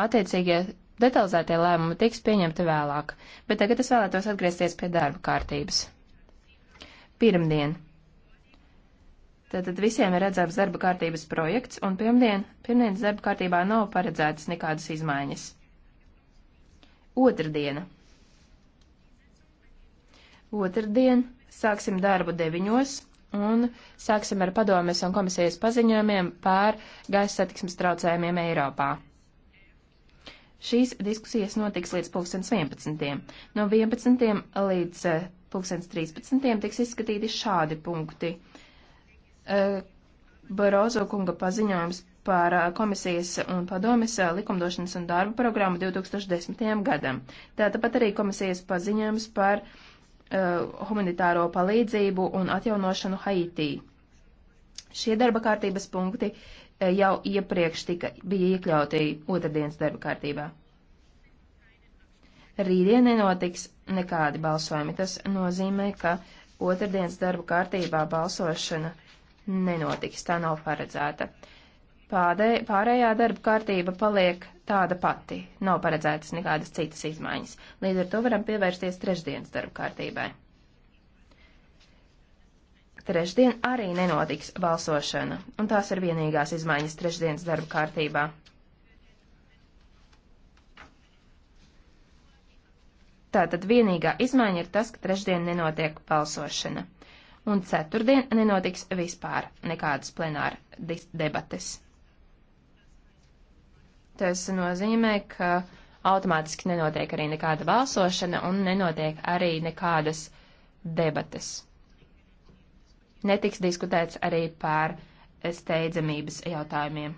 attiecīgie detalizētie lēmumi tiks pieņemti vēlāk, bet tagad es vēlētos atgriezties pie darba kārtības. Pirmdien. Tātad visiem ir redzams darba kārtības projekts, un pirmdien, pirmdienas darba kārtībā nav paredzētas nekādas izmaiņas. Otrdiena. Otrdien sāksim darbu deviņos, un sāksim ar padomjas un komisijas paziņojumiem pār gaisa satiksmes traucējumiem Eiropā. Šīs diskusijas notiks līdz 2011. No 11. līdz 2013. Eh, tiks izskatīti šādi punkti. Eh, Barozo kunga paziņojums par eh, komisijas un padomes likumdošanas un darba programmu 2010. gadam. Tā tāpat arī komisijas paziņojums par uh, humanitāro palīdzību un atjaunošanu Haitī. Šie darba kārtības punkti Eh, jau iepriekš tika, bija iekļauti otrdienas darba kārtībā. Rītdien nenotiks nekādi balsojumi. Tas nozīmē, ka otrdienas darba kārtībā balsošana nenotiks, tā nav paredzēta. Pādē, pārējā darba kārtība paliek tāda pati, nav paredzētas nekādas citas izmaiņas. Līdz ar to varam pievērsties trešdienas darba kārtībai. Trešdien arī nenotiks balsošana, un tās ir vienīgās izmaiņas trešdienas darba kārtībā. Tātad vienīgā izmaiņa ir tas, ka trešdien nenotiek balsošana, un ceturtdien nenotiks vispār nekādas plenāra debates. Tas nozīmē, ka automātiski nenotiek arī nekāda balsošana un nenotiek arī nekādas debates netiks diskutēts arī par steidzamības jautājumiem.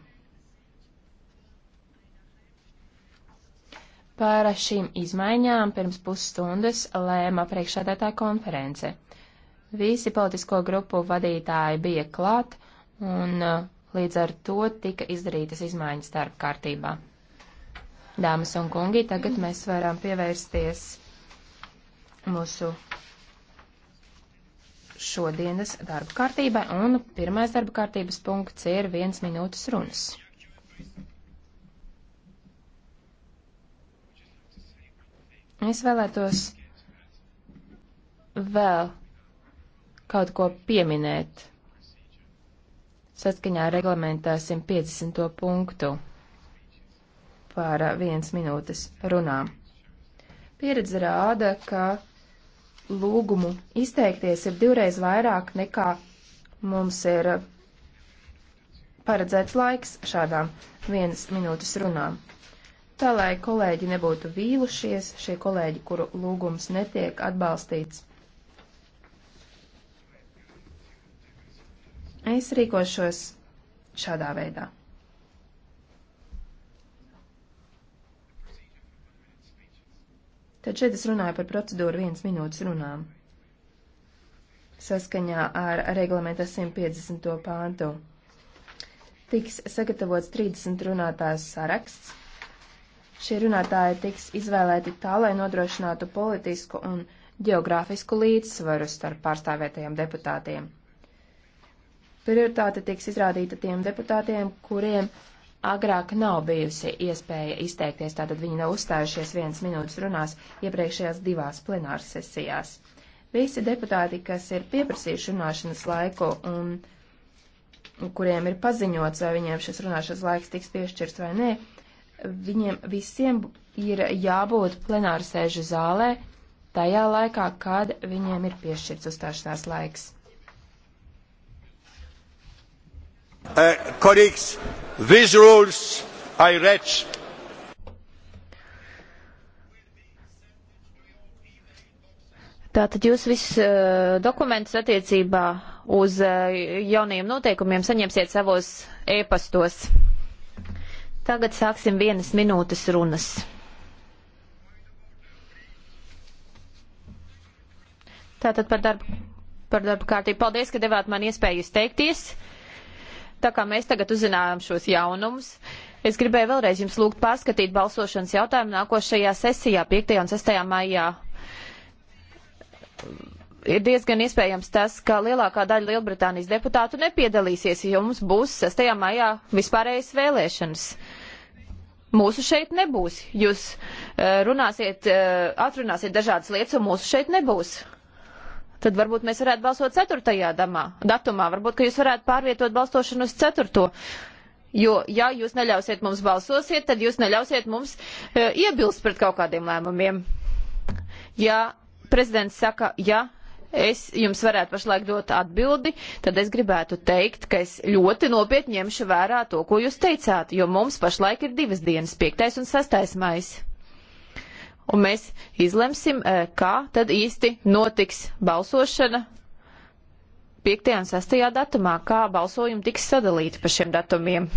Par šīm izmaiņām pirms pusstundas lēma priekšādētā konference. Visi politisko grupu vadītāji bija klāt un uh, līdz ar to tika izdarītas izmaiņas starp kārtībā. Dāmas un kungi, tagad mēs varam pievērsties mūsu šodienas darba kārtībai, un pirmais darba kārtības punkts ir viens minūtes runas. Es vēlētos vēl kaut ko pieminēt saskaņā ar reglamentā 150. punktu par viens minūtes runām. Pieredze rāda, ka lūgumu izteikties ir divreiz vairāk nekā mums ir eh, paredzēts laiks šādām vienas minūtes runām. Tā lai kolēģi nebūtu vīlušies, šie kolēģi, kuru lūgums netiek atbalstīts. Es rīkošos šādā veidā. Tad šeit es runāju par procedūru viens minūtes runām. Saskaņā ar reglamenta 150. pāntu tiks sagatavots 30 runātājs saraksts. Šie runātāji tiks izvēlēti tā, lai nodrošinātu politisku un geogrāfisku līdzsvaru starp pārstāvētajiem deputātiem. Prioritāte tiks izrādīta tiem deputātiem, kuriem agrāk nav bijusi iespēja izteikties, tātad viņi nav uzstājušies vienas minūtes runās iepriekšējās divās plenāras sesijās. Visi deputāti, kas ir pieprasījuši runāšanas laiku un kuriem ir paziņots, vai viņiem šis runāšanas laiks tiks piešķirts vai nē, viņiem visiem ir jābūt plenāra sēžu zālē tajā laikā, kad viņiem ir piešķirts uzstāšanās laiks. Kolēģis, uh, these rules I read. Tātad jūs visus uh, dokumentus attiecībā uz uh, jaunajiem noteikumiem saņemsiet savos ēpastos. Tagad sāksim vienas minūtes runas. Tātad par darbu, par darbu kārtību. Paldies, ka devāt man iespēju izteikties. Tā kā mēs tagad uzzinājām šos jaunumus, es gribēju vēlreiz jums lūgt pārskatīt balsošanas jautājumu nākošajā sesijā, 5. un 6. maijā. Ir diezgan iespējams tas, ka lielākā daļa Lielbritānijas deputātu nepiedalīsies, jo mums būs 6. maijā vispārējais vēlēšanas. Mūsu šeit nebūs. Jūs eh, runāsiet, eh, atrunāsiet dažādas lietas, un mūsu šeit nebūs. Tad varbūt mēs varētu balsot 4. Damā, datumā. Varbūt, ka jūs varētu pārvietot balsošanu uz 4. Jo, ja jūs neļausiet mums balsosiet, tad jūs neļausiet mums e, iebilst pret kaut kādiem lēmumiem. Ja prezidents saka, ja es jums varētu pašlaik dot atbildi, tad es gribētu teikt, ka es ļoti nopietni ņemšu vērā to, ko jūs teicāt, jo mums pašlaik ir divas dienas, 5. un 6. maija un mēs izlemsim, eh, kā tad īsti notiks balsošana 5. un 6. datumā, kā balsojumi tiks sadalīti pa šiem datumiem.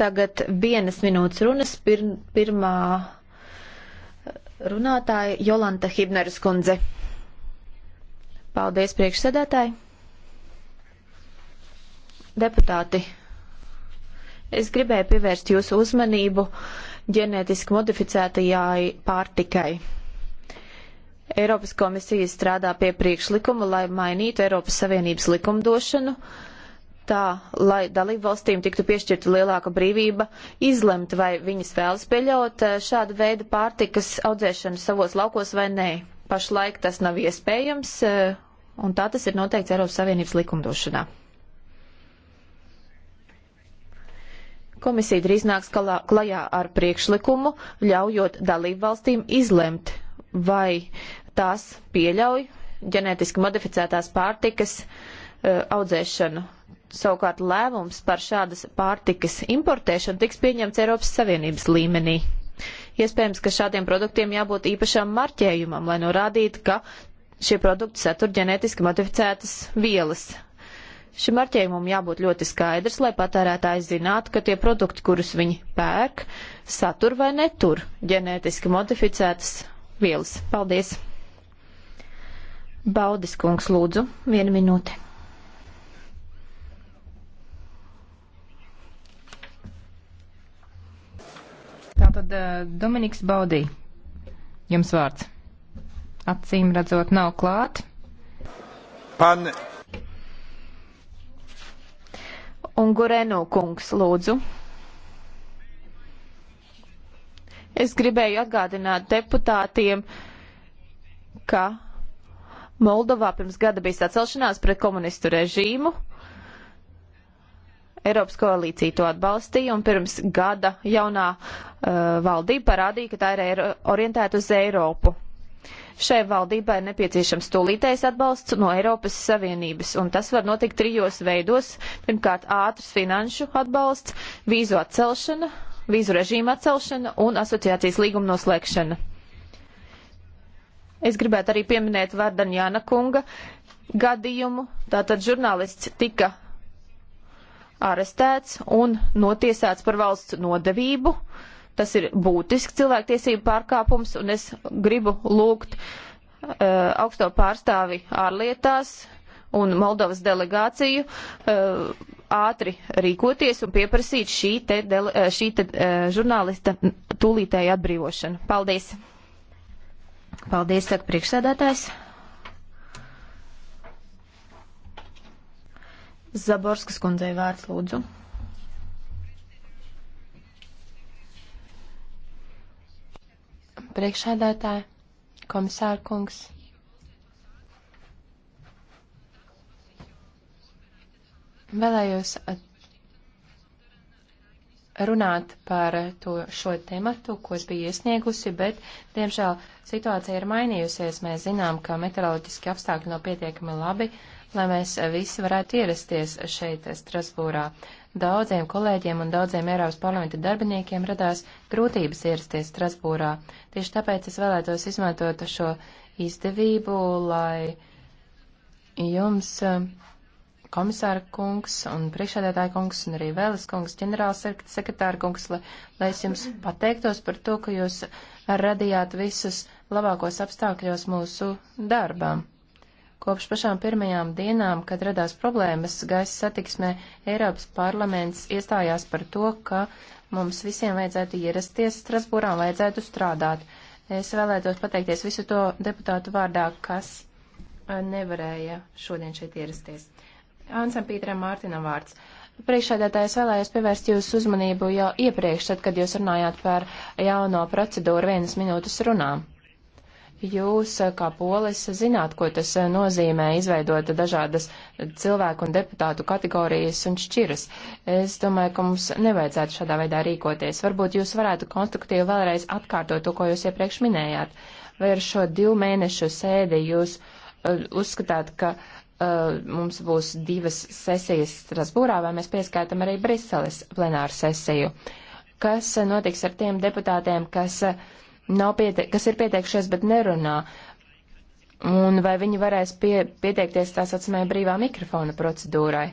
Tagad vienas minūtes runas pir pirmā runātāja Jolanta Hibneres kundze. Paldies priekšsēdētāji. Deputāti, Es gribēju pievērst jūsu uzmanību ģenētiski modificētajai pārtikai. Eiropas komisija strādā pie priekšlikuma, lai mainītu Eiropas Savienības likumdošanu, tā, lai dalībvalstīm tiktu piešķirta lielāka brīvība izlemt, vai viņas vēlas pieļaut eh, šādu veidu pārtikas audzēšanu savos laukos vai nē. Pašlaik tas nav iespējams, eh, un tā tas ir noteikts Eiropas Savienības likumdošanā. Komisija drīz nāks klajā ar priekšlikumu, ļaujot dalību valstīm izlemt, vai tās pieļauj ģenētiski modificētās pārtikas uh, audzēšanu. Savukārt lēmums par šādas pārtikas importēšanu tiks pieņemts Eiropas Savienības līmenī. Iespējams, ka šādiem produktiem jābūt īpašam marķējumam, lai norādītu, ka šie produkti satur ģenētiski modificētas vielas. Šim marķējumam jābūt ļoti skaidrs, lai patērētājs zinātu, ka tie produkti, kurus viņi pērk, satur vai netur ģenētiski modificētas vielas. Paldies! Baudis kungs, lūdzu, vienu minūti. Tātad eh, Dominiks Baudī, jums vārds. Acīm redzot, nav klāt. Pan un Gureno kungs, lūdzu. Es gribēju atgādināt deputātiem, ka Moldovā pirms gada bija sacelšanās pret komunistu režīmu. Eiropas koalīcija to atbalstīja, un pirms gada jaunā uh, valdība parādīja, ka tā ir orientēta uz Eiropu. Šai valdībai nepieciešams tūlītējs atbalsts no Eiropas Savienības, un tas var notikt trijos veidos. Pirmkārt, ātrs finanšu atbalsts, vīzu atcelšana, vīzu režīma atcelšana un asociācijas līguma noslēgšana. Es gribētu arī pieminēt Vardanjāna kunga gadījumu. Tātad žurnālists tika arestēts un notiesāts par valsts nodevību. Uh, Tas ir būtisks cilvēktiesību pārkāpums, un es gribu lūgt uh, augsto pārstāvi ārlietās un Moldovas delegāciju uh, ātri rīkoties un pieprasīt šī te, dele, eh, šī te uh, žurnālista tūlītēju atbrīvošanu. Paldies! Paldies, saka priekšsēdētājs. Zaborskas kundzei vārds lūdzu. priekšādātāji, komisārkungs. Vēlējos runāt par to, šo tematu, ko es biju iesniegusi, bet, diemžēl, situācija ir mainījusies. Mēs zinām, ka meteoroloģiski apstākļi nav no pietiekami labi, lai mēs visi varētu ierasties šeit, Strasbūrā. Uh, daudziem kolēģiem un daudziem Eiropas parlamenta darbiniekiem radās grūtības ierasties Strasbūrā. Tieši tāpēc es vēlētos izmantot šo izdevību, lai jums, eh, komisāra kungs un priekšādātāja kungs un arī vēlas kungs, ģenerāla sekretāra kungs, lai, lai es jums pateiktos par to, ka jūs radījāt visus labākos apstākļos mūsu darbām. Kopš pašām pirmajām dienām, kad radās problēmas gaisa satiksmē, Eiropas parlaments iestājās par to, ka mums visiem vajadzētu ierasties Strasbūrā un vajadzētu strādāt. Es vēlētos pateikties visu to deputātu vārdā, kas eh, nevarēja šodien šeit ierasties. Ansam Pīteram Mārtinam vārds. Priekšsēdētājs vēlējos pievērst jūsu uzmanību jau iepriekš, tad, kad jūs runājāt par jauno procedūru vienas minūtes runām. Jūs, eh, kā polis, zināt, ko tas eh, nozīmē izveidot dažādas cilvēku un deputātu kategorijas un šķiras. Es domāju, ka mums nevajadzētu šādā veidā rīkoties. Varbūt jūs varētu konstruktīvi vēlreiz atkārtot to, ko jūs iepriekš minējāt. Vai ar šo divu mēnešu sēdi jūs uh, uzskatāt, ka uh, mums būs divas sesijas Strasbūrā, vai mēs pieskaitam arī Briseles plenāru sesiju. Kas notiks ar tiem deputātiem, kas uh, nav piete kas ir pieteikšies, bet nerunā. Un vai viņi varēs pie, pieteikties tā saucamajai brīvā mikrofona procedūrai?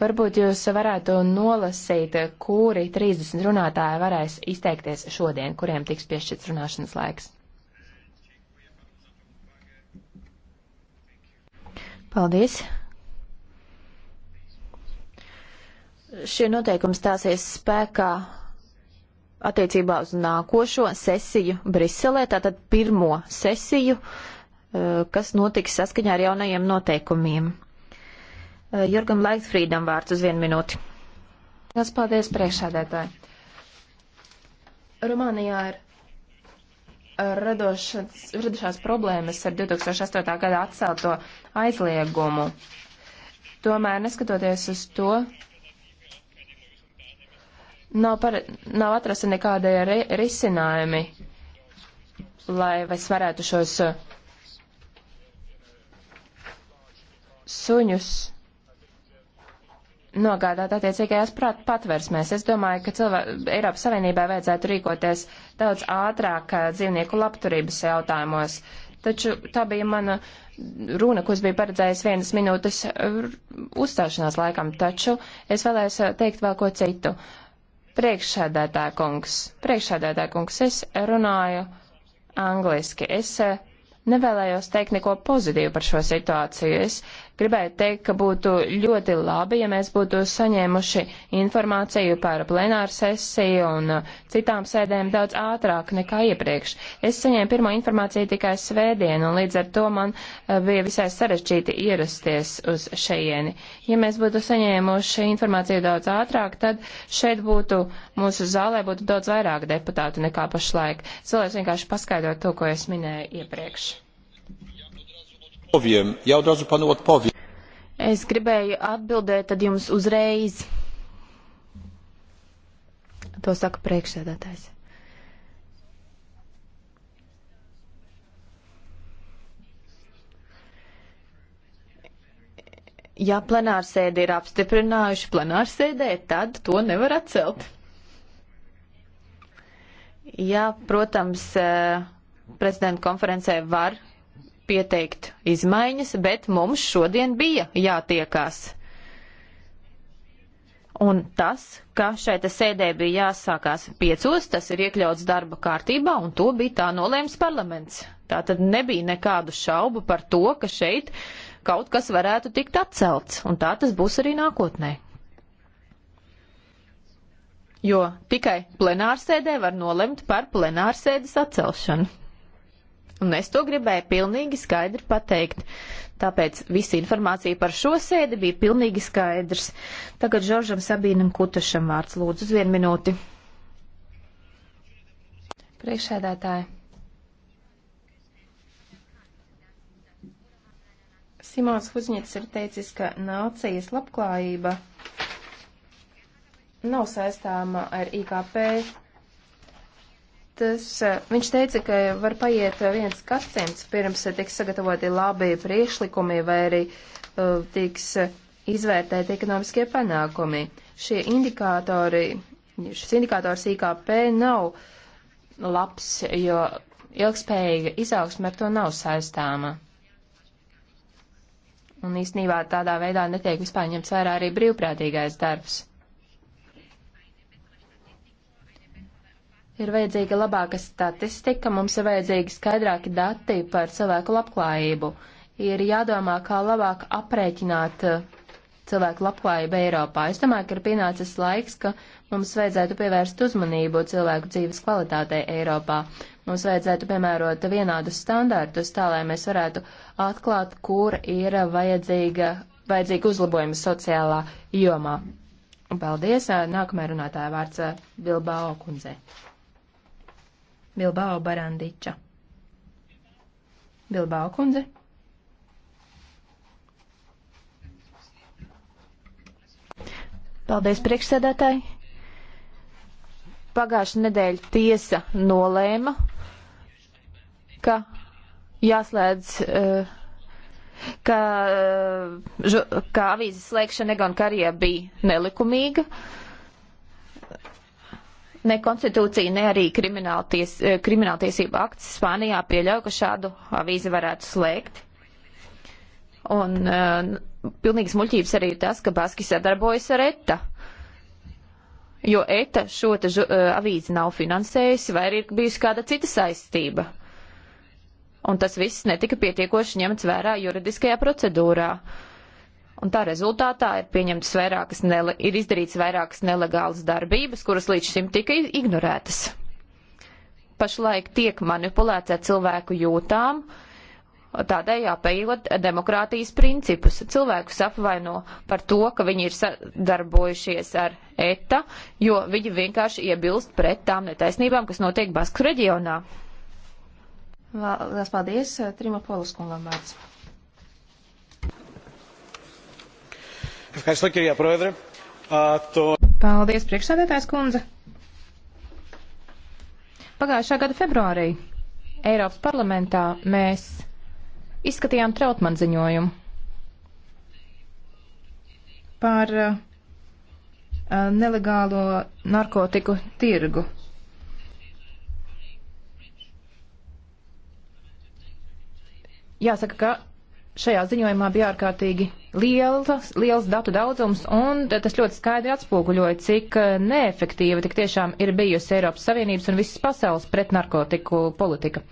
Varbūt jūs varētu nolasīt, kuri 30 runātāji varēs izteikties šodien, kuriem tiks piešķirts runāšanas laiks. Paldies! Šie noteikumi stāsies spēkā attiecībā uz nākošo sesiju Briselē, tātad pirmo sesiju, eh, kas notiks saskaņā ar jaunajiem noteikumiem. Eh, Jurgam Laikfrīdam vārds uz vienu minūti. Liels paldies priekšādētāji. Rumānijā ir eh, radošas, radušās problēmas ar 2008. gada atcelto aizliegumu. Tomēr, neskatoties uz to, nav, par, nav atrasta nekāda re, risinājumi, lai es varētu šos uh, suņus nogādāt attiecīgajās patversmēs. Es domāju, ka cilvē, Eiropas Savienībā vajadzētu rīkoties daudz ātrāk uh, dzīvnieku labturības jautājumos. Taču tā bija mana runa, kuras bija paredzējis vienas minūtes uh, uzstāšanās laikam, taču es vēlēs teikt vēl ko citu. Uh, Priekšsēdētā kungs, priekšsēdētā kungs, es runāju angliski. Es eh, nevēlējos teikt neko pozitīvu par šo situāciju. Es Gribētu teikt, ka būtu ļoti labi, ja mēs būtu saņēmuši informāciju par plenāru sesiju un uh, citām sēdēm daudz ātrāk nekā iepriekš. Es saņēmu pirmo informāciju tikai svētdien, un līdz ar to man uh, bija visai sarežģīti ierasties uz šejieni. Ja mēs būtu saņēmuši informāciju daudz ātrāk, tad šeit būtu, mūsu zālē būtu daudz vairāk deputātu nekā pašlaik. Es vēlēs vienkārši paskaidrot to, ko es minēju iepriekš. Poviem, jau dažu panot poviem. Es gribēju atbildēt tad jums uzreiz. To saka priekšsēdētājs. ja plenārsēdi ir apstiprinājuši plenārsēdē, tad to nevar atcelt. Jā, protams, eh, prezidenta konferencē var pieteikt izmaiņas, bet mums šodien bija jātiekās. Un tas, ka šai te sēdē bija jāsākās piecos, tas ir iekļauts darba kārtībā, un to bija tā nolēms parlaments. Tā tad nebija nekādu šaubu par to, ka šeit kaut kas varētu tikt atcelts, un tā tas būs arī nākotnē. Jo tikai plenārsēdē var nolemt par plenārsēdes atcelšanu. Un es to gribēju pilnīgi skaidri pateikt. Tāpēc visa informācija par šo sēdi bija pilnīgi skaidrs. Tagad Žoržam Sabīnam Kutašam vārds lūdzu uz vienu minūti. Priekšsēdētāji. Simons Huzņets ir teicis, ka nācijas labklājība nav saistāma ar IKP tas, eh, viņš teica, ka var paiet eh, viens gadsimts pirms eh, tiks sagatavoti labi priekšlikumi vai arī tiks izvērtēti ekonomiskie panākumi. Šie indikātori, šis indikātors IKP nav labs, jo ilgspējīga izaugsme ar to nav saistāma. Un īstenībā tādā veidā netiek vispār ņemts vērā arī brīvprātīgais darbs. Ir vajadzīga labāka statistika, mums ir vajadzīgi skaidrāki dati par cilvēku labklājību. Ir jādomā, kā labāk aprēķināt uh, cilvēku labklājību Eiropā. Es domāju, ka ir pienācis laiks, ka mums vajadzētu pievērst uzmanību cilvēku dzīves kvalitātei Eiropā. Mums vajadzētu piemērot vienādus standartus tā, lai mēs varētu atklāt, kur ir vajadzīga, vajadzīga uzlabojuma sociālā jomā. Paldies! Nākamajā runātāja vārds Bilbao kundzei. Bilbao Barandiča. Bilbao kundze. Paldies, priekšsēdētāji. Pagājušā nedēļa tiesa nolēma, ka jāslēdz, eh, ka, eh, ka avīzes slēgšana Egon Karijā bija nelikumīga. Ne konstitūcija, ne arī kriminālties, eh, krimināltiesība akts Spānijā pieļauj, ka šādu avīzi varētu slēgt. Un uh, eh, pilnīgs muļķības arī tas, ka Baski sadarbojas ar ETA. Jo ETA šo te, uh, avīzi nav finansējusi vai ir bijusi kāda cita saistība. Un tas viss netika pietiekoši ņemts vērā juridiskajā procedūrā. Uh, un tā rezultātā ir, pieņemts vairākas nele, ir izdarīts vairākas nelegālas darbības, kuras līdz šim tika ignorētas. Pašlaik tiek manipulēts ar cilvēku jūtām, tādēļ apējot demokrātijas principus. Cilvēkus apvaino par to, ka viņi ir sadarbojušies ar ETA, jo viņi vienkārši iebilst pret tām netaisnībām, kas notiek Basku reģionā. Lielas paldies, Trima Polus kungam vārds. Paldies, priekšsēdētājs kundze. Pagājušā gada februārī Eiropas parlamentā mēs izskatījām Trautman ziņojumu par uh, uh nelegālo narkotiku tirgu. Jāsaka, ka šajā ziņojumā bija ārkārtīgi liels, liels datu daudzums, un tas ļoti skaidri atspoguļoja, cik eh, neefektīva tik tiešām ir bijusi Eiropas Savienības un visas pasaules pretnarkotiku politika.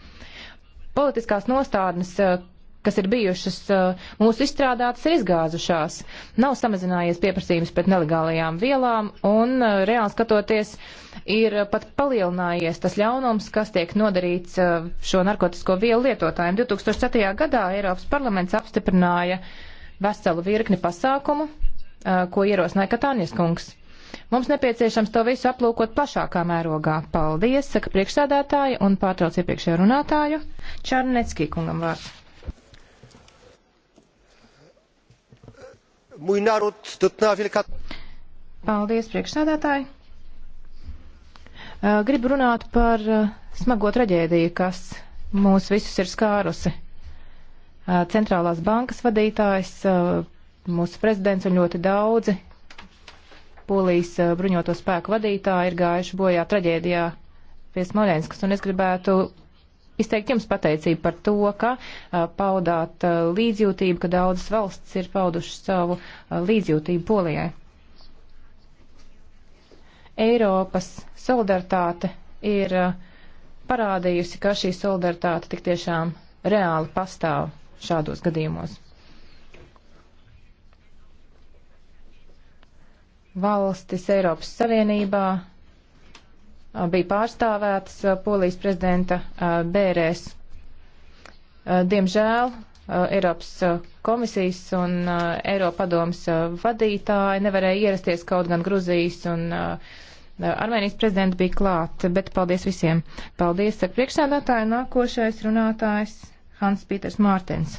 Politiskās nostādnes, eh, kas ir bijušas eh, mūsu izstrādātas, ir izgāzušās. Nav samazinājies pieprasījums pret nelegālajām vielām, un reāli skatoties, ir pat palielinājies tas ļaunums, kas tiek nodarīts šo narkotisko vielu lietotājiem. 2004. gadā Eiropas parlaments apstiprināja uh, veselu virkni pasākumu, ko ierosināja Katānijas kungs. Mums nepieciešams to visu aplūkot plašākā mērogā. Paldies, saka priekšsēdētāji un pārtrauc iepriekšējo runātāju. Čārnecki kungam vārds. Paldies, priekšsēdētāji. Gribu runāt par smago traģēdiju, kas mūs visus ir skārusi centrālās bankas vadītājs, mūsu prezidents un ļoti daudzi polijas bruņoto spēku vadītāji ir gājuši bojā traģēdijā pie Smolenskas, un es gribētu izteikt jums pateicību par to, ka paudāt līdzjūtību, ka daudzas valsts ir paudušas savu līdzjūtību Polijai. Eiropas solidaritāte ir parādījusi, ka šī solidaritāte tik tiešām reāli pastāv šādos gadījumos. Valstis Eiropas Savienībā bija pārstāvētas Polijas prezidenta bērēs. Diemžēl Eiropas komisijas un Eiropadomas vadītāji nevarēja ierasties, kaut gan Gruzijas un Armēnijas prezidenta bija klāt, bet paldies visiem. Paldies ar priekšsēdātāju, nākošais runātājs. Hans Pīters Mārtins.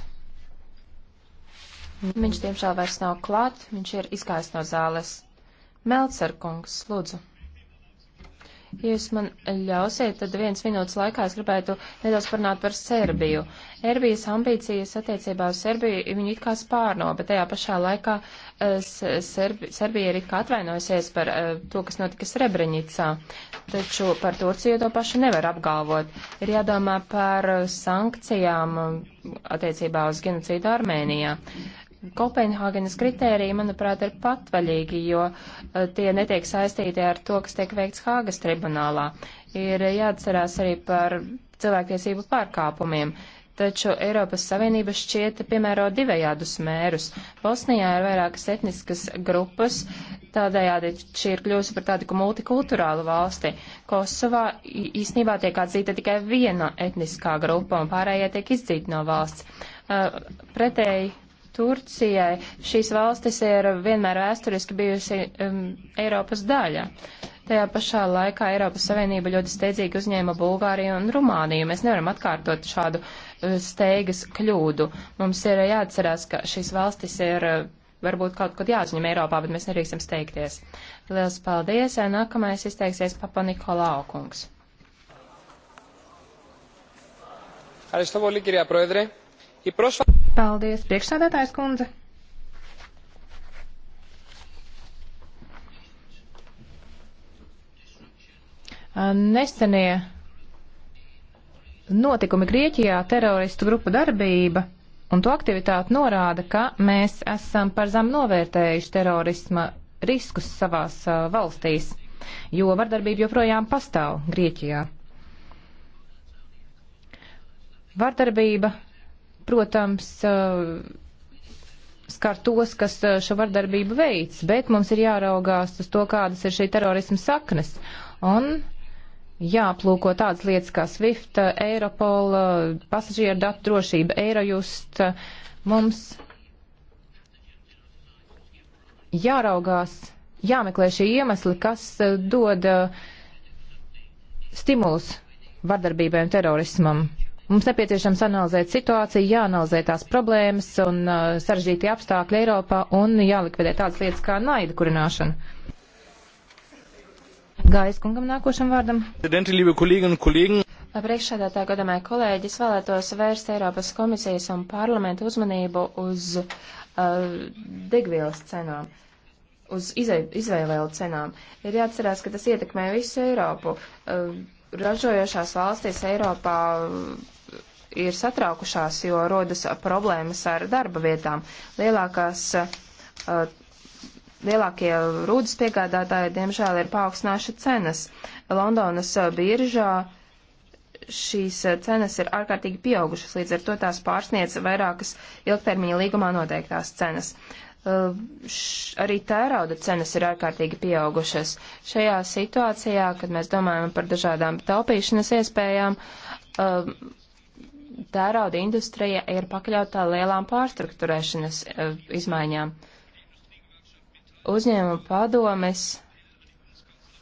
Viņš diemžēl vairs nav klāt, viņš ir izgājis no zāles. Melcerkungs, lūdzu. Ja jūs man ļausiet, tad viens minūtes laikā es gribētu nedaudz parunāt par Serbiju. Erbijas ambīcijas attiecībā uz Serbiju viņu it kā spārno, bet tajā pašā laikā eh, Serbi, Serbija ir it kā atvainojusies par eh, to, kas notika Srebrenicā. Taču par Turciju to pašu nevar apgalvot. Ir jādomā par sankcijām attiecībā uz genocīdu Armēnijā. Kopenhāgenes kritēriji, manuprāt, ir patvaļīgi, jo e, tie netiek saistīti ar to, kas tiek veikts Hāgas tribunālā. Ir jāatcerās arī par cilvēktiesību pārkāpumiem taču Eiropas Savienība šķiet piemēro divējādus mērus. Bosnijā ir vairākas etniskas grupas, tādējādi šī ir kļūsi par tādu multikulturālu valsti. Kosovā īsnībā tiek atzīta tikai viena etniskā grupa un pārējie tiek izdzīti no valsts. Uh, pretēji Turcijai šīs valstis ir vienmēr vēsturiski bijusi um, Eiropas daļa. Uh, Tajā pašā laikā Eiropas Savienība ļoti steidzīgi uzņēma Bulgāriju un Rumāniju. Mēs nevaram atkārtot šādu e, steigas kļūdu. Mums ir jāatcerās, ka šīs valstis ir e, varbūt kaut kad jāuzņem Eiropā, bet mēs nedrīkstam steigties. Lielas paldies! E, nākamais izteiksies Papa Nikolāo kungs. Paldies, priekšsādātājs kundze! Nesenie notikumi Grieķijā, teroristu grupu darbība un to aktivitāti norāda, ka mēs esam par zem novērtējuši terorisma riskus savās uh, valstīs, jo vardarbība joprojām pastāv Grieķijā. Vardarbība, protams, uh, skar tos, kas uh, šo vardarbību veids, bet mums ir jāraugās uz to, kādas ir šī terorisma saknes. Un jāaplūko tādas lietas kā SWIFT, Europol, pasažieru datu drošība, Eirojust. Mums jāraugās, jāmeklē šie iemesli, kas dod uh, stimulus vardarbībai un terorismam. Mums nepieciešams analizēt situāciju, jāanalizē tās problēmas un uh, sarežģītie apstākļi Eiropā un jālikvidē tādas lietas kā naida kurināšana. Gājas kungam nākošam vārdam. Priekšsēdētā gadamē kolēģi, es vēlētos vērst Eiropas komisijas un parlamentu uzmanību uz uh, degvielas cenām, uz izvēlēlu cenām. Ir jāatcerās, ka tas ietekmē visu Eiropu. Uh, ražojošās valstīs Eiropā uh, ir satraukušās, jo rodas problēmas ar darba vietām. Lielākās uh, Lielākie rūdas piegādātāji, diemžēl, ir paaugstinājuši cenas. Londonas uh, biržā šīs uh, cenas ir ārkārtīgi pieaugušas, līdz ar to tās pārsniedz vairākas ilgtermiņa līgumā noteiktās cenas. Uh, š, arī tērauda cenas ir ārkārtīgi pieaugušas. Šajā situācijā, kad mēs domājam par dažādām taupīšanas iespējām, uh, tērauda industrija ir pakļautā lielām pārstruktūrēšanas uh, izmaiņām uzņēmuma padomes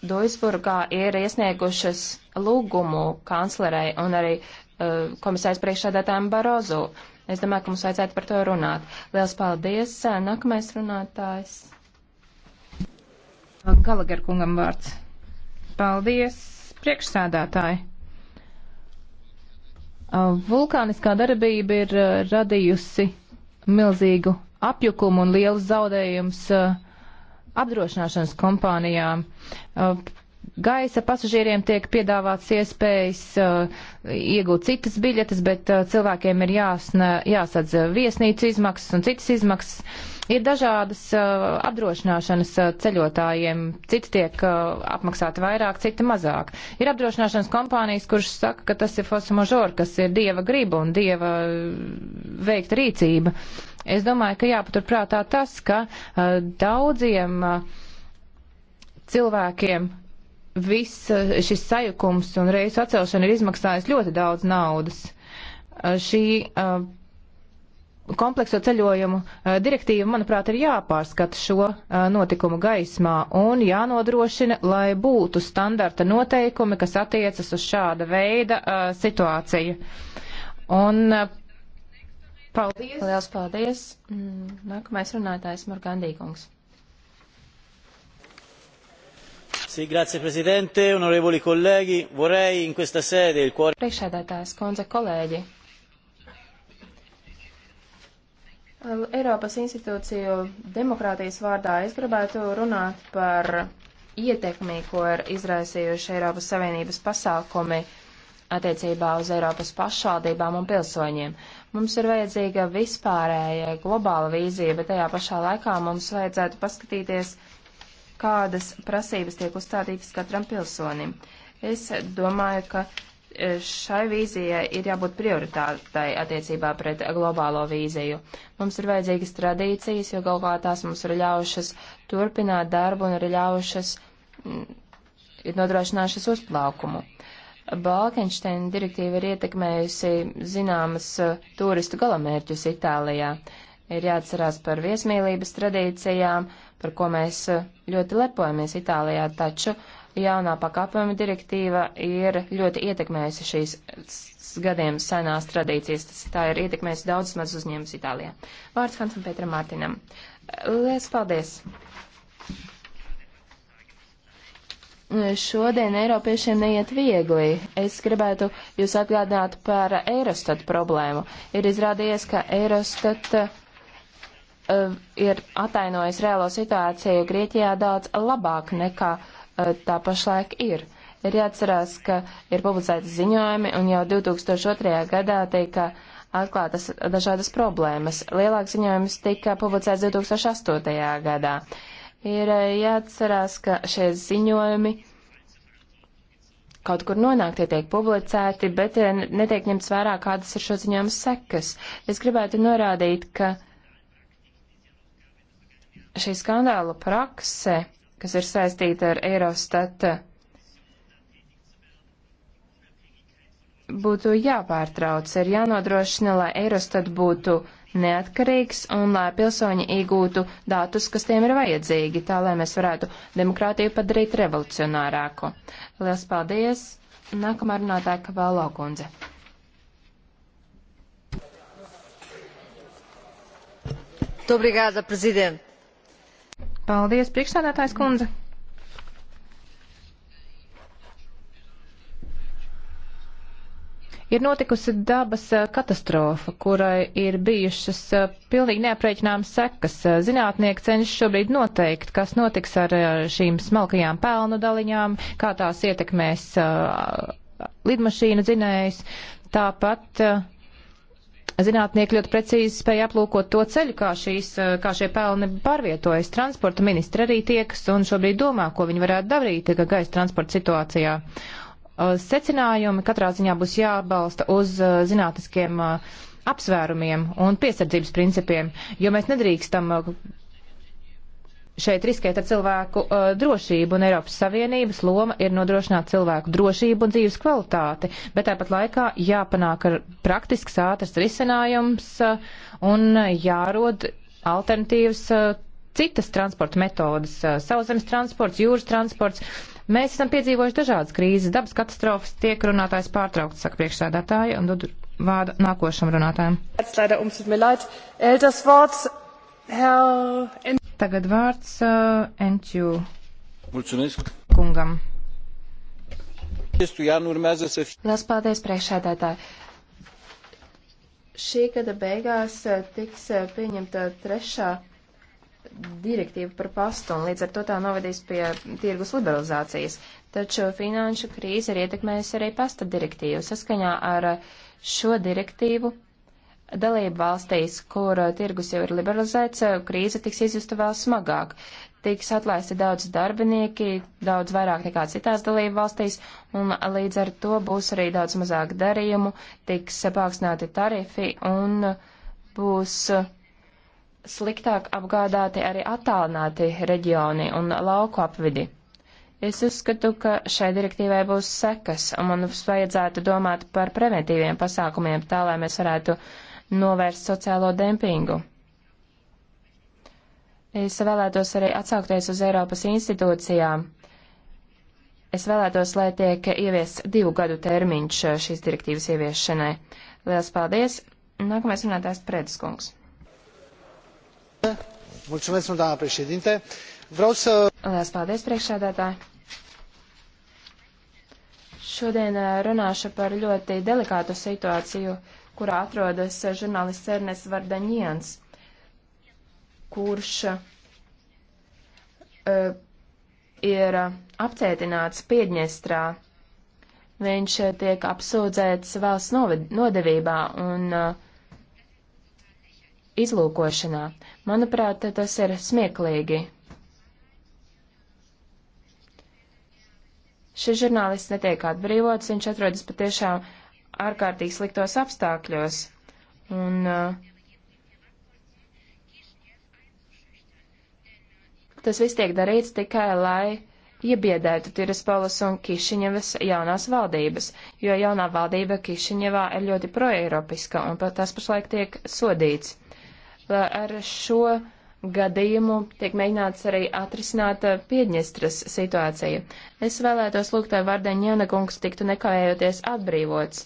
Duisburgā ir iesniegušas lūgumu kanclerei un arī uh, komisārs priekšādātājiem Barozu. Es domāju, ka mums vajadzētu par to runāt. Liels paldies. Uh, nākamais runātājs. Galagar kungam vārds. Paldies, priekšsādātāji. Uh, vulkāniskā darbība ir uh, radījusi milzīgu apjukumu un lielus zaudējumus uh, apdrošināšanas kompānijām. Uh, gaisa pasažieriem tiek piedāvāts iespējas uh, iegūt citas biļetes, bet uh, cilvēkiem ir jāsna, jāsadz viesnīcu izmaksas un citas izmaksas. Ir dažādas uh, apdrošināšanas uh, ceļotājiem, citi tiek uh, apmaksāti vairāk, citi mazāk. Ir apdrošināšanas kompānijas, kuras saka, ka tas ir fosmažor, kas ir dieva griba un dieva uh, veikta rīcība. Uh, Es domāju, ka jāpaturprātā tas, ka uh, daudziem uh, cilvēkiem viss uh, šis sajukums un reisu atcelšana ir izmaksājis ļoti daudz naudas. Uh, šī uh, komplekso ceļojumu uh, direktīva, manuprāt, ir jāpārskata šo uh, notikumu gaismā un jānodrošina, lai būtu standarta noteikumi, kas attiecas uz šāda veida uh, situāciju. Un Paldies! Lielas paldies! Mm, nākamais runātājs Morgandīkungs. Sì, grazie Presidente, onorevoli colleghi, vorrei in questa sede il cuore... Priekšēdētājs, konze kolēģi. Eiropas institūciju demokrātijas vārdā es gribētu runāt par ietekmi, ko ir izraisījuši Eiropas Savienības pasākumi uh, attiecībā uz Eiropas pašvaldībām un pilsoņiem. Mums ir vajadzīga vispārēja globāla vīzija, bet tajā pašā laikā mums vajadzētu paskatīties, kādas prasības tiek uzstādītas katram pilsonim. Es domāju, ka e, šai vīzijai ir jābūt prioritātai attiecībā pret globālo vīziju. Mums ir vajadzīgas tradīcijas, jo galvā tās mums ir ļaujušas turpināt darbu un ir ļaujušas mm, ir nodrošinājušas uzplaukumu. Balkenšteina direktīva ir ietekmējusi zināmas eh, turistu galamērķus Itālijā. Ir jāatcerās par viesmīlības tradīcijām, par ko mēs eh, ļoti lepojamies Itālijā, taču jaunā pakāpojuma direktīva ir ļoti ietekmējusi šīs gadiem senās tradīcijas. Tas tā ir ietekmējusi daudz maz uzņēmums Itālijā. Vārds Hansam Pētram Mārtinam. Lielas paldies! šodien Eiropiešiem neiet viegli. Es gribētu jūs atgādināt par Eirostat problēmu. Ir izrādījies, ka Eirostat uh, ir atainojis reālo situāciju Grieķijā daudz labāk nekā uh, tā pašlaik ir. Ir jāatcerās, ka ir publicēti ziņojumi un jau 2002. gadā tika atklātas dažādas problēmas. Lielāks ziņojums tika publicēts 2008. gadā ir eh, jāatcerās, ka šie ziņojumi kaut kur nonāk, tie tiek publicēti, bet eh, netiek ņemts vērā, kādas ir šo ziņojumu sekas. Es gribētu norādīt, ka šī skandāla prakse, kas ir saistīta ar Eirostata, būtu jāpārtrauc, ir jānodrošina, lai Eirostat būtu uh, neatkarīgs un lai pilsoņi iegūtu datus, kas tiem ir vajadzīgi, tā lai mēs varētu demokrātiju padarīt revolucionārāku. Lielas paldies! Nākamā runātāja Kavēlo kundze. Dobrīgāda prezidenta. Paldies, priekšsādātājs kundze. Ir notikusi dabas eh, katastrofa, kurai ir bijušas eh, pilnīgi neaprēķināmas sekas. Eh, zinātnieki cenšas šobrīd noteikt, kas notiks ar šīm smalkajām pelnu daliņām, kā tās ietekmēs lidmašīnu dzinējus. Tāpat Zinātnieki ļoti precīzi spēja aplūkot to ceļu, kā, šīs, kā šie pelni pārvietojas. Transporta ministra arī tiekas un šobrīd domā, ko viņi varētu darīt gaisa transporta situācijā. Uh, secinājumi katrā ziņā būs jābalsta uz uh, zinātniskiem uh, apsvērumiem un piesardzības principiem, jo mēs nedrīkstam šeit riskēt ar cilvēku uh, drošību, un Eiropas Savienības loma ir nodrošināt cilvēku drošību un dzīves kvalitāti, bet tāpat laikā jāpanāk ar praktisks ātrs risinājums uh, un jārod alternatīvas uh, citas transporta metodas uh, - sauzemes transports, jūras transports. Uh, Mēs esam piedzīvojuši dažādas krīzes, dabas katastrofas, tiek runātājs pārtraukts, saka priekšsēdētāja, un dod vārdu nākošam runātājam. Tagad vārds uh, Enču kungam. Lielas paldies, priekšsēdētāji. Šī gada beigās uh, tiks uh, pieņemta trešā direktīva par pastu, un līdz ar to tā novedīs pie tirgus liberalizācijas. Taču finanšu krīze ir ietekmējusi arī pasta direktīvu. Saskaņā ar šo direktīvu dalību valstīs, kur tirgus jau ir liberalizēts, krīze tiks izjusta vēl smagāk. Tiks atlaisti daudz darbinieki, daudz vairāk nekā citās dalību valstīs, un līdz ar to būs arī daudz mazāk darījumu, tiks pākstināti tarifi un būs. Uh, sliktāk apgādāti arī attālināti reģioni un lauku apvidi. Es uzskatu, ka šai direktīvai būs sekas, un mums vajadzētu domāt par preventīviem pasākumiem, tā lai mēs varētu novērst sociālo dempingu. Es vēlētos arī atsaukties uz Eiropas institūcijām. Es vēlētos, lai tiek ieviests divu gadu termiņš šīs direktīvas ieviešanai. Lielas paldies! Nākamais runātājs Prēdiskungs. Vreau să. Lielas paldies, priekšsēdētāji! Šodien eh, runāšu par ļoti delikātu situāciju, kurā atrodas eh, žurnālists Ernēs Vardaņiens, kurš uh, ir apcietināts Piedņestrā. Viņš tiek apsūdzēts valsts nodevībā un uh, izlūkošanā. Manuprāt, tas ir smieklīgi. Šis žurnālists netiek atbrīvots, viņš atrodas patiešām ārkārtīgi sliktos apstākļos. Un uh, Tas viss tiek darīts tikai, lai iebiedētu Tiraspolas un Kišiņevas jaunās valdības, jo jaunā valdība Kišiņevā ir ļoti proeiropiska un pat tas pašlaik tiek sodīts ar šo gadījumu tiek mēģināts arī atrisināt eh, Piedņestras situāciju. Es vēlētos lūgt, lai Vārdeņa Janakungs tiktu nekavējoties atbrīvots.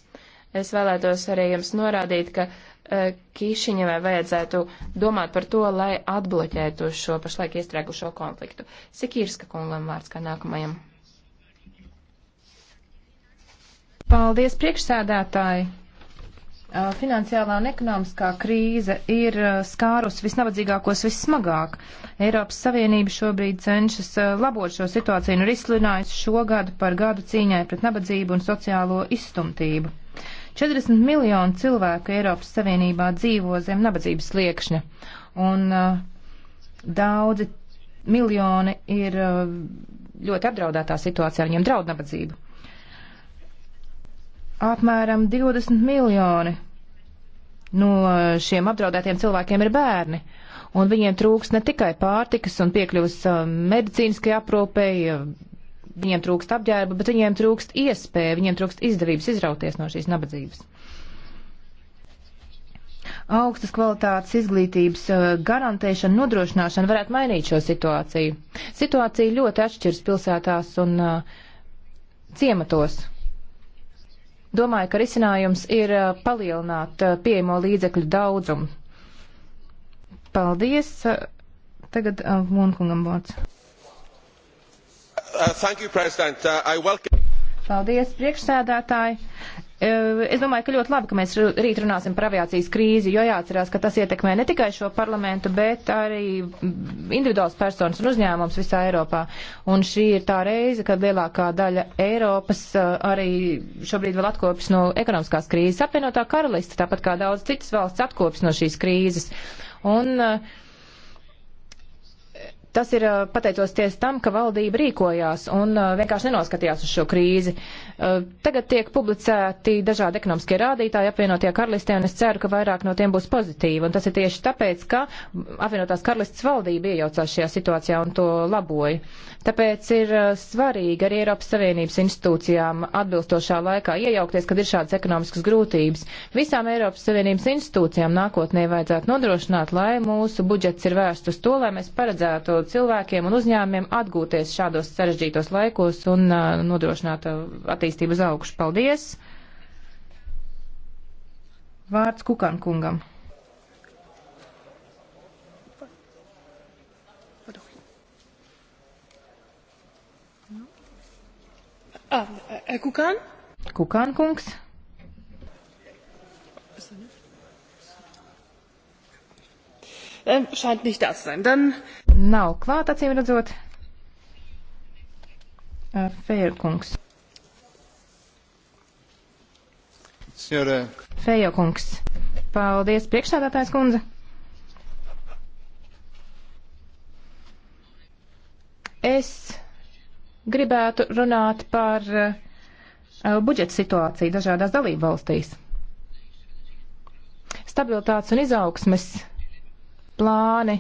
Es vēlētos arī jums norādīt, ka uh, Kīšiņevai vajadzētu domāt par to, lai atbloķētu šo pašlaik iestrēgušo konfliktu. Sikīrska kungam vārds kā nākamajam. Paldies priekšsēdētāji! Uh, finansiālā un ekonomiskā krīze ir uh, skārus visnabadzīgākos vissmagāk. Eiropas Savienība šobrīd cenšas uh, labot šo situāciju un ir izsludinājusi šo gadu par gadu cīņai pret nabadzību un sociālo izstumtību. 40 miljonu cilvēku Eiropas Savienībā dzīvo zem nabadzības sliekšņa, un uh, daudzi miljoni ir uh, ļoti apdraudētā situācijā, viņiem draud nabadzību apmēram 20 miljoni no šiem apdraudētiem cilvēkiem ir bērni. Un viņiem trūks ne tikai pārtikas un piekļuvas uh, medicīniskai aprūpei, uh, viņiem trūkst apģērba, bet viņiem trūkst iespēja, viņiem trūkst izdevības izrauties no šīs nabadzības. Augstas kvalitātes izglītības uh, garantēšana, nodrošināšana varētu mainīt šo situāciju. Situācija ļoti atšķiras pilsētās un uh, ciematos. Domāju, ka risinājums ir uh, palielināt uh, pieejamo līdzekļu daudzumu. Paldies. Uh, tagad Vonkungam vārds. Paldies, priekšsēdētāji. Eh, es domāju, ka ļoti labi, ka mēs rīt runāsim par aviācijas krīzi, jo jāatcerās, ka tas ietekmē ne tikai šo parlamentu, bet arī individuāls personas un uzņēmums visā Eiropā. Un šī ir tā reize, kad lielākā daļa Eiropas eh, arī šobrīd vēl atkopjas no ekonomiskās krīzes. Apvienotā karaliste, tāpat kā daudz citas valsts, atkopjas no šīs krīzes. Un, uh, Tas ir pateicoties tam, ka valdība rīkojās un vienkārši nenoskatījās uz šo krīzi. Tagad tiek publicēti dažādi ekonomiskie rādītāji apvienotie karalistē, un es ceru, ka vairāk no tiem būs pozitīvi. Un tas ir tieši tāpēc, ka apvienotās karalistes valdība iejaucās šajā situācijā un to laboja. Tāpēc ir svarīgi arī Eiropas Savienības institūcijām atbilstošā laikā iejaukties, kad ir šādas ekonomiskas grūtības. Visām Eiropas Savienības institūcijām nākotnē vajadzētu nodrošināt, lai mūsu budžets ir vērsts uz to, lai mēs paredzētu palīdzot cilvēkiem un uzņēmumiem atgūties šādos sarežģītos laikos un uh, nodrošināt uh, attīstību uz augšu. Paldies! Vārds Kukan kungam. Ah, eh, Kukan? Kukan kungs. Ähm, scheint nicht da zu sein. Dann nav klāt, acīm redzot. Fējokungs. Fējokungs. Paldies, priekšsādātājs kundze. Es gribētu runāt par eh, budžeta situāciju dažādās dalību valstīs. Stabilitātes un izaugsmes plāni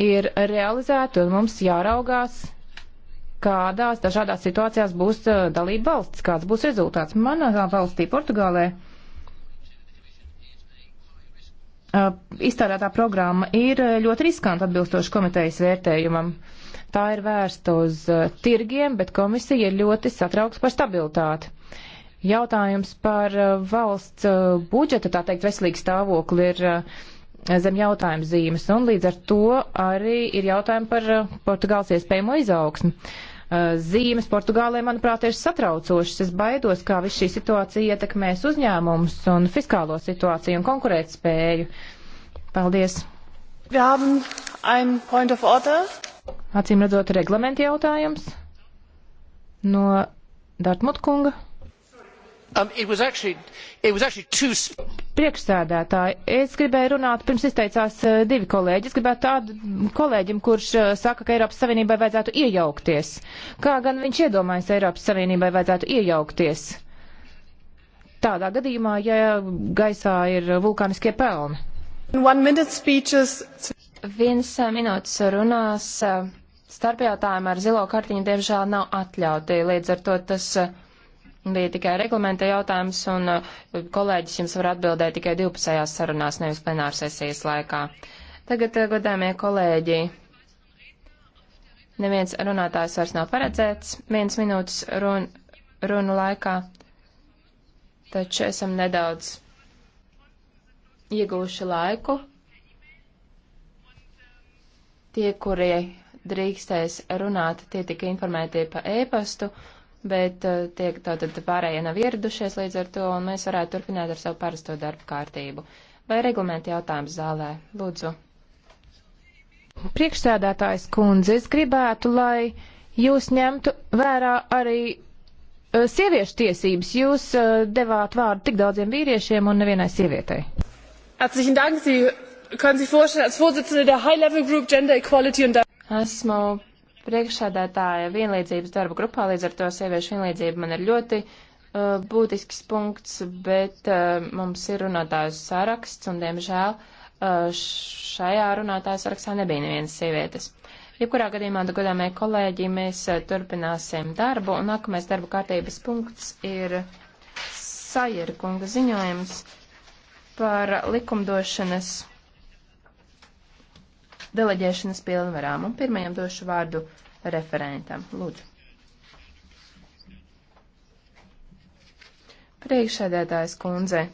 ir realizēti, un mums jāraugās, kādās dažādās situācijās būs dalība valsts, kāds būs rezultāts. Manā valstī, Portugālē, izstrādātā programma ir ļoti riskanta atbilstoši komitejas vērtējumam. Tā ir vērsta uz tirgiem, bet komisija ir ļoti satraukta par stabilitāti. Jautājums par valsts budžeta, tā teikt, veselīgu stāvokli ir zem jautājuma zīmes, un līdz ar to arī ir jautājumi par eh, Portugāles iespējamo izaugsmu. Eh, zīmes Portugālē, manuprāt, ir satraucošas. Es baidos, kā viss šī situācija ietekmēs uzņēmumus un fiskālo situāciju un konkurētspēju. Paldies! Acīm redzot, reglamenta jautājums no Dartmut kunga. Um, actually, two... Priekšsēdētāji, es gribēju runāt, pirms izteicās uh, divi kolēģi. Es gribētu tādu kolēģim, kurš uh, saka, ka Eiropas Savienībai vajadzētu iejaukties. Kā gan viņš iedomājas, Eiropas Savienībai vajadzētu iejaukties? Tādā gadījumā, ja gaisā ir vulkāniskie pelni. Viens uh, minūtes runās starpjautājumā ar zilo kartiņu, diemžēl nav atļauti. Līdz ar to tas. Uh, bija tikai reglamenta jautājums, un uh, kolēģis jums var atbildēt tikai 12. sarunās, nevis plenārsesijas laikā. Tagad, uh, godāmie kolēģi, neviens runātājs vairs nav paredzēts, viens minūtes run, runu laikā, taču esam nedaudz iegūši laiku. Tie, kuri drīkstēs runāt, tie tika informēti pa e-pastu bet eh, tiek tātad pārējie nav ieradušies līdz ar to, un mēs varētu turpināt ar savu parasto darbu kārtību. Vai reglamenti jautājums zālē? Lūdzu. Priekšsēdētājs kundze, es gribētu, lai jūs ņemtu vērā arī eh, sieviešu tiesības. Jūs eh, devāt vārdu tik daudziem vīriešiem un nevienai sievietei. Herzlichen Dank, Sie können sich vorstellen, als Vorsitzende der High Level Group Gender Equality und Esmu priekšsēdētāja vienlīdzības darba grupā, līdz ar to sieviešu vienlīdzība man ir ļoti uh, būtisks punkts, bet uh, mums ir runātāju saraksts, un, diemžēl, uh, šajā runātāju sarakstā nebija nevienas sievietes. Jebkurā gadījumā, godāmie kolēģi, mēs uh, turpināsim darbu, un nākamais darba kārtības punkts ir Sajera kunga ziņojums par likumdošanas deleģēšanas pilnvarām. Un pirmajam došu vārdu referentam. Lūdzu. Priekšēdētājs kundze,